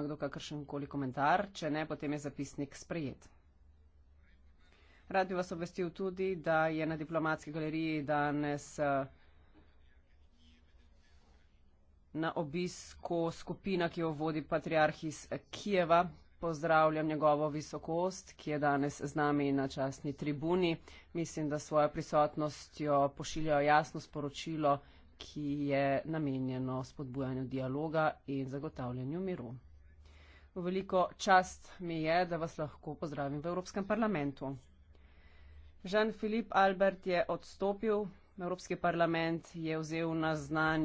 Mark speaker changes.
Speaker 1: Ma kdo kakršen koli komentar, če ne, potem je zapisnik sprejet. Rad bi vas obvestil tudi, da je na diplomatski galeriji danes eh, na obisku skupina, ki jo vodi patriarh iz Kijeva. Pozdravljam njegovo visokost, ki je danes z nami na časni tribuni. Mislim, da svojo prisotnostjo pošiljajo jasno sporočilo, ki je namenjeno spodbujanju dialoga in zagotavljanju miru. Veliko čast mi je, da vas lahko pozdravim v Evropskem parlamentu. Jean-Philippe Albert je odstopil, Evropski parlament je
Speaker 2: vzel na znanje.